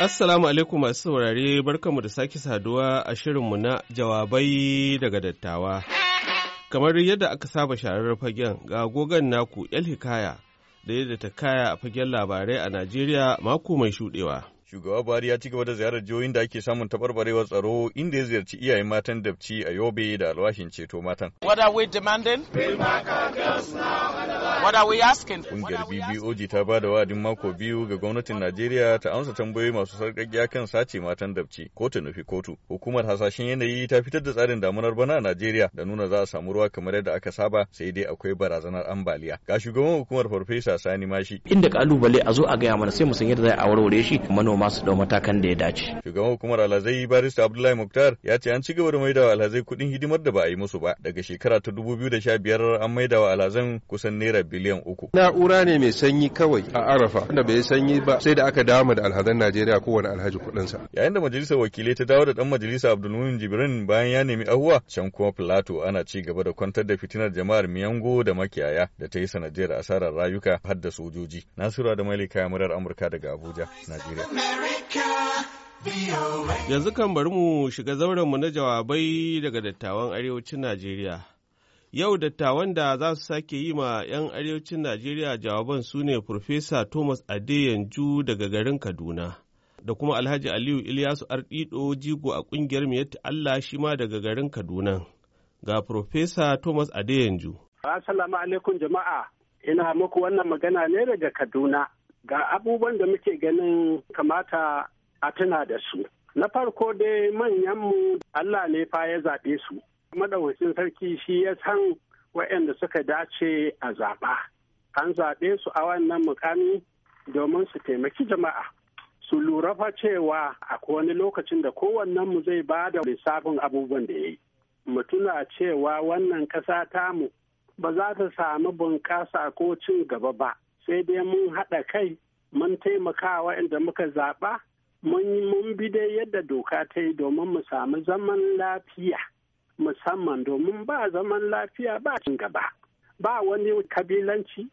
Assalamu alaikum masu saurare barkamu da sake saduwa a shirinmu na jawabai daga dattawa. Kamar yadda aka saba sharar fagen ga gogan naku El Hikaya da yadda ta kaya a fagen labarai a Najeriya mako mai shuɗewa. Shugaba Buhari ya ci gaba da ziyarar jihohin da ake samun tabarbarewar tsaro inda ya ziyarci iyayen matan dabci a Yobe da alwashin ceto matan. What are we demanding? Bill girls now Ƙungiyar BBOG ta ba da wa'adin mako biyu ga gwamnatin Najeriya ta amsa tambayoyi masu sarƙaƙiya kan sace matan dabci ko ta nufi kotu. Hukumar hasashen yanayi ta fitar da tsarin damunar bana a Najeriya da nuna za a samu ruwa kamar yadda aka saba sai dai akwai barazanar ambaliya. Ga shugaban hukumar Farfesa Sani Mashi. Inda ƙalubale a zo a gaya mana sai mu san yadda za a warware shi manoma su ɗau matakan da ya dace. Shugaban hukumar Alhazai Barista Abdullahi Muktar ya ce an ci gaba da wa Alhazai kuɗin hidimar da ba a yi musu ba daga shekara ta 2015 an wa Alhazan kusan naira biliyan uku. Na'ura ne mai sanyi kawai a Arafa wanda bai sanyi ba sai da aka damu da alhazan Najeriya kowane alhaji sa. Yayin da majalisar wakilai ta dawo da dan majalisa Abdulmumin Jibrin bayan ya nemi ahuwa can kuma Filato ana ci gaba da kwantar da fitinar jama'ar Miyango da makiyaya da ta yi sanadiyar asarar rayuka har da sojoji. Nasiru da Malika murar Amurka daga Abuja, Najeriya. Yanzu kan bari mu shiga zauren mu na jawabai daga dattawan arewacin Najeriya. Yau dattawan da za su sake yi ma 'yan arewacin Najeriya jawaban su ne Profesa Thomas Adeyanju daga garin Kaduna, da kuma Alhaji Aliyu Ilyasu Ardido jigo a ƙungiyar Miyatta Allah shi ma daga garin Kaduna. Ga Profesa Thomas Adeyanju. Assalamu alaikum jama'a, ina muku wannan magana ne daga Kaduna. Ga abubuwan da muke ganin kamata a tuna da su. Na farko dai manyanmu Allah ne fa ya zaɓe su. madawacin sarki shi ya san waɗanda suka dace a zaɓa an zaɓe su a wannan mukami domin su taimaki jama'a su lura fa cewa a wani lokacin da kowannen mu zai ba da lissafin abubuwan da ya yi mu tuna cewa wannan ƙasa tamu ba za ta samu bunƙasa ko cin gaba ba sai dai mun haɗa kai mun taimaka waɗanda muka zaɓa mun bi dai yadda doka ta yi domin mu samu zaman lafiya musamman domin ba zaman lafiya ba cin gaba ba wani kabilanci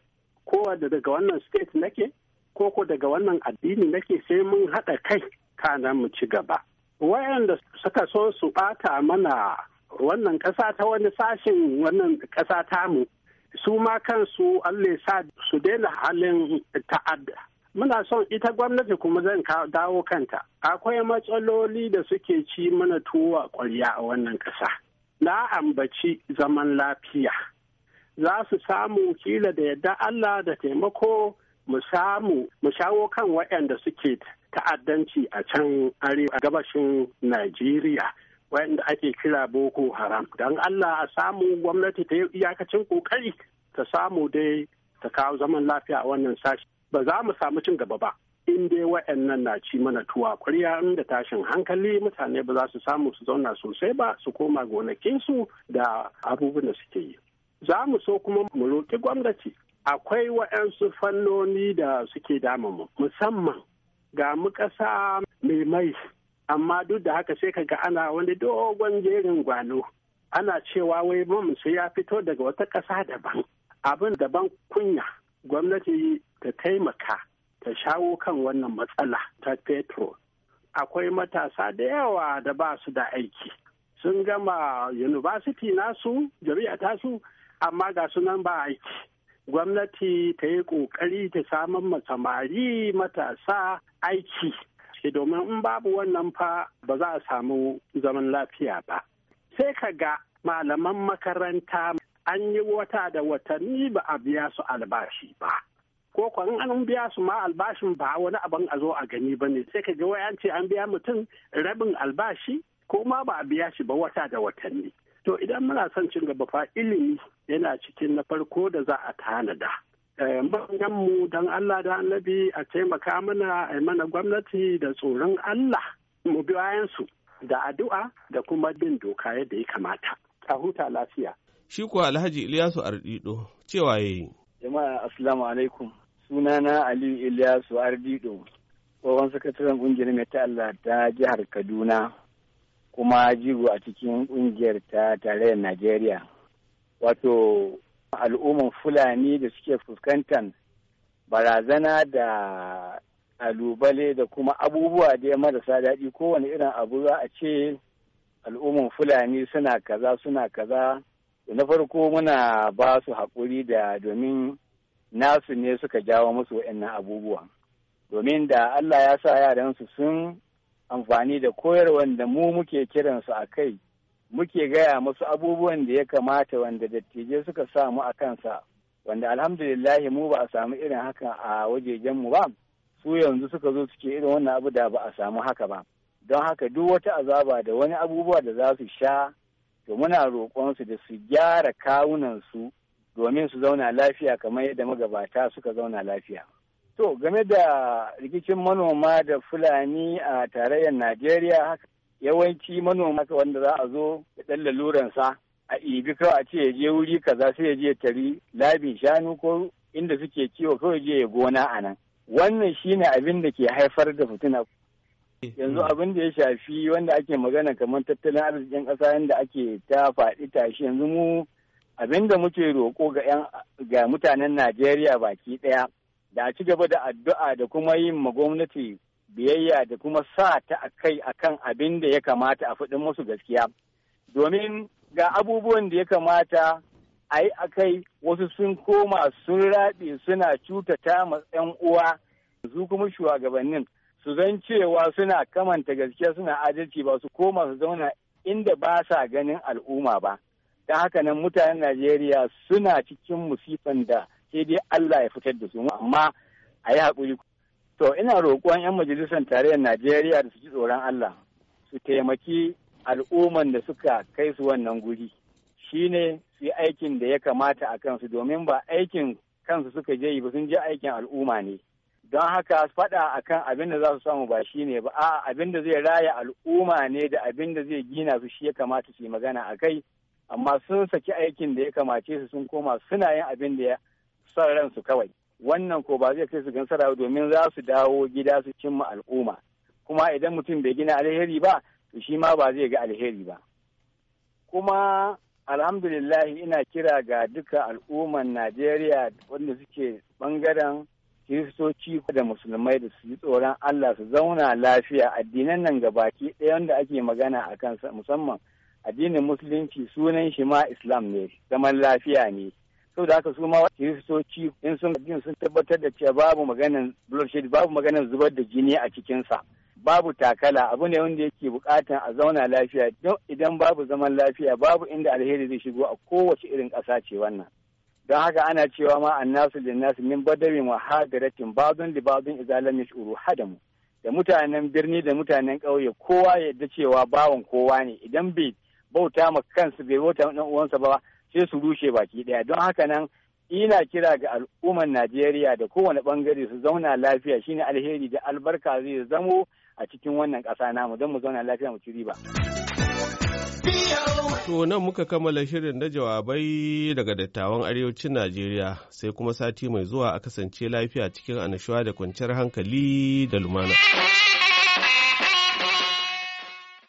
ko daga wannan state nake ko ko daga wannan addini nake sai mun haɗa kai kana mu ci gaba wayanda suka so su ɓata mana wannan ƙasa ta wani sashen wannan ƙasa mu, su ma kansu Allah sa su daina halin ta'adda muna son ita gwamnati kuma zan dawo kanta akwai matsaloli da suke ci mana tuwa ƙwarya a wannan ƙasa na ambaci zaman lafiya za su samu kila da yadda Allah da taimako mu samu mu shawo kan waɗanda suke ta'addanci a can arewa gabashin Najeriya waɗanda ake kira Boko Haram don Allah a samu gwamnati ta yi iyakacin kokari ta samu dai ta kawo zaman lafiya a wannan sashi ba za mu samu cin gaba ba in dai waɗannan na ci mana tuwa ƙwarya da tashin hankali mutane ba za su samu su zauna sosai ba su koma gonakinsu da abubuwan da suke yi za mu so kuma mu roƙi gwamnati akwai waɗansu fannoni da suke mu musamman ga mu ƙasa mai mai amma duk da haka sai kaga ana wani dogon jerin gwano ana cewa wai mun sai ya fito daga wata ƙasa daban abin daban kunya gwamnati ta taimaka ta shawo kan wannan matsala ta fetur akwai matasa da yawa da ba su da aiki sun gama university nasu jami'a tasu amma ga sunan ba aiki gwamnati ta yi ƙoƙari ta samun samari matasa aiki eh, domin in babu wannan fa ba za a samu zaman lafiya ba sai ka ga malaman makaranta an yi wata da watanni ba a biya su albashi ba ko ko in an biya su ma albashin ba wani abin a zo a gani ba ne sai ka ga wai an ce an biya mutum rabin albashi ko ma ba a biya shi ba wata da watanni to idan muna son cin gaba fa ilimi yana cikin na farko da za a tanada eh, manyan mu don Allah da annabi a taimaka mana a mana gwamnati da tsoron Allah mu bi su da addu'a da kuma bin doka yadda ya kamata a huta lafiya shi kuwa Alhaji Ilyasu Ardido cewa yayi jama'a assalamu alaikum sunana aliyu ilyasu ardido tsohon sakataren ƙungiyar mai Allah ta jihar kaduna kuma jigo a cikin ƙungiyar ta tarayyar najeriya wato al'umman fulani da suke fuskantar barazana da alubale da kuma abubuwa da ya marasa daɗi kowane irin abu za a ce al'umman fulani suna kaza suna kaza na farko muna ba su haƙuri da domin nasu ne suka jawo musu waɗannan abubuwa domin da Allah ya sa yaransu sun amfani da koyarwar da mu muke kiransu a kai muke gaya musu abubuwan da ya kamata wanda dattijai suka sa mu a kansa wanda alhamdulillahi mu ba a samu irin haka a wajejenmu ba su yanzu suka zo suke irin wannan abu da ba a samu haka ba don haka duk wata azaba da wani abubuwa da za su sha to muna roƙonsu da su gyara kawunan su. domin su zauna lafiya kamar yadda magabata suka zauna lafiya. To game da rikicin manoma da Fulani a tarayyar Najeriya yawanci manoma wanda za a zo ya ɗan laluransa a ibi kawai a ce ya je wuri kaza sai ya je tari labin shanu ko inda suke kiwo kawai je ya gona a nan. Wannan shine abin da ke haifar da fitina. Yanzu abin da ya shafi wanda ake magana kamar tattalin arzikin ƙasa yadda ake ta faɗi tashi yanzu mu abin da muke roƙo ga ga mutanen Najeriya baki ɗaya da a ci gaba da addu'a da kuma yin ma gwamnati biyayya da kuma sa ta a kai a kan abin da ya kamata a faɗin musu gaskiya domin ga abubuwan da ya kamata a yi a kai wasu sun koma sun rabe suna cutata ma 'yan uwa su kuma shugabannin su zan cewa suna kamanta gaskiya suna adalci ba su koma su zauna inda ba sa ganin al'umma ba don haka nan mutanen najeriya suna cikin musifan da sai dai allah ya fitar da su amma a yi haƙuri to ina roƙon 'yan majalisar tarayyar najeriya da su ji tsoron allah su taimaki al'umman da suka kai su wannan guri shine su yi aikin da ya kamata a kansu domin ba aikin kansu suka je yi ba sun je aikin al'umma ne don haka faɗa a kan abin da za su samu ba shi ne ba a abin da zai raya al'umma ne da abin da zai gina su shi ya kamata su yi magana a kai amma sun saki aikin da ya kamace su sun koma suna yin abin da ya son ransu kawai wannan ko ba zai kai su gansara domin za su dawo gida su cimma al'umma kuma idan mutum bai gina alheri ba to shi ma ba zai ga alheri ba kuma alhamdulillah ina kira ga duka al'umman najeriya wanda suke bangaren kiristoci da musulmai da su yi tsoron allah su zauna lafiya addinan nan gabaki ɗaya da ake magana a kansa musamman addinin musulunci sunan shi ma islam ne zaman lafiya ne saboda haka suma ma kiristoci in sun addini sun tabbatar da cewa babu maganin bloodshed babu maganin zubar da jini a cikinsa babu takala abu ne wanda yake bukatan a zauna lafiya don idan babu zaman lafiya babu inda alheri zai shigo a kowace irin ƙasa ce wannan don haka ana cewa ma annasu linnasu min badawin wa babin babun li babun izalam yashuru hadamu da mutanen birni da mutanen ƙauye kowa ya yadda cewa bawan kowa ne idan bai bauta ma kansu bai bauta ma uwansa ba sai su rushe baki daya don haka nan ina kira ga al'ummar Najeriya da kowane bangare su zauna lafiya shine alheri da albarka zai zamo a cikin wannan ƙasa namu don mu zauna lafiya mu ci riba. To nan muka kammala shirin na jawabai daga dattawan arewacin Najeriya sai kuma sati mai zuwa a kasance lafiya cikin annashuwa da kwanciyar hankali da lumana.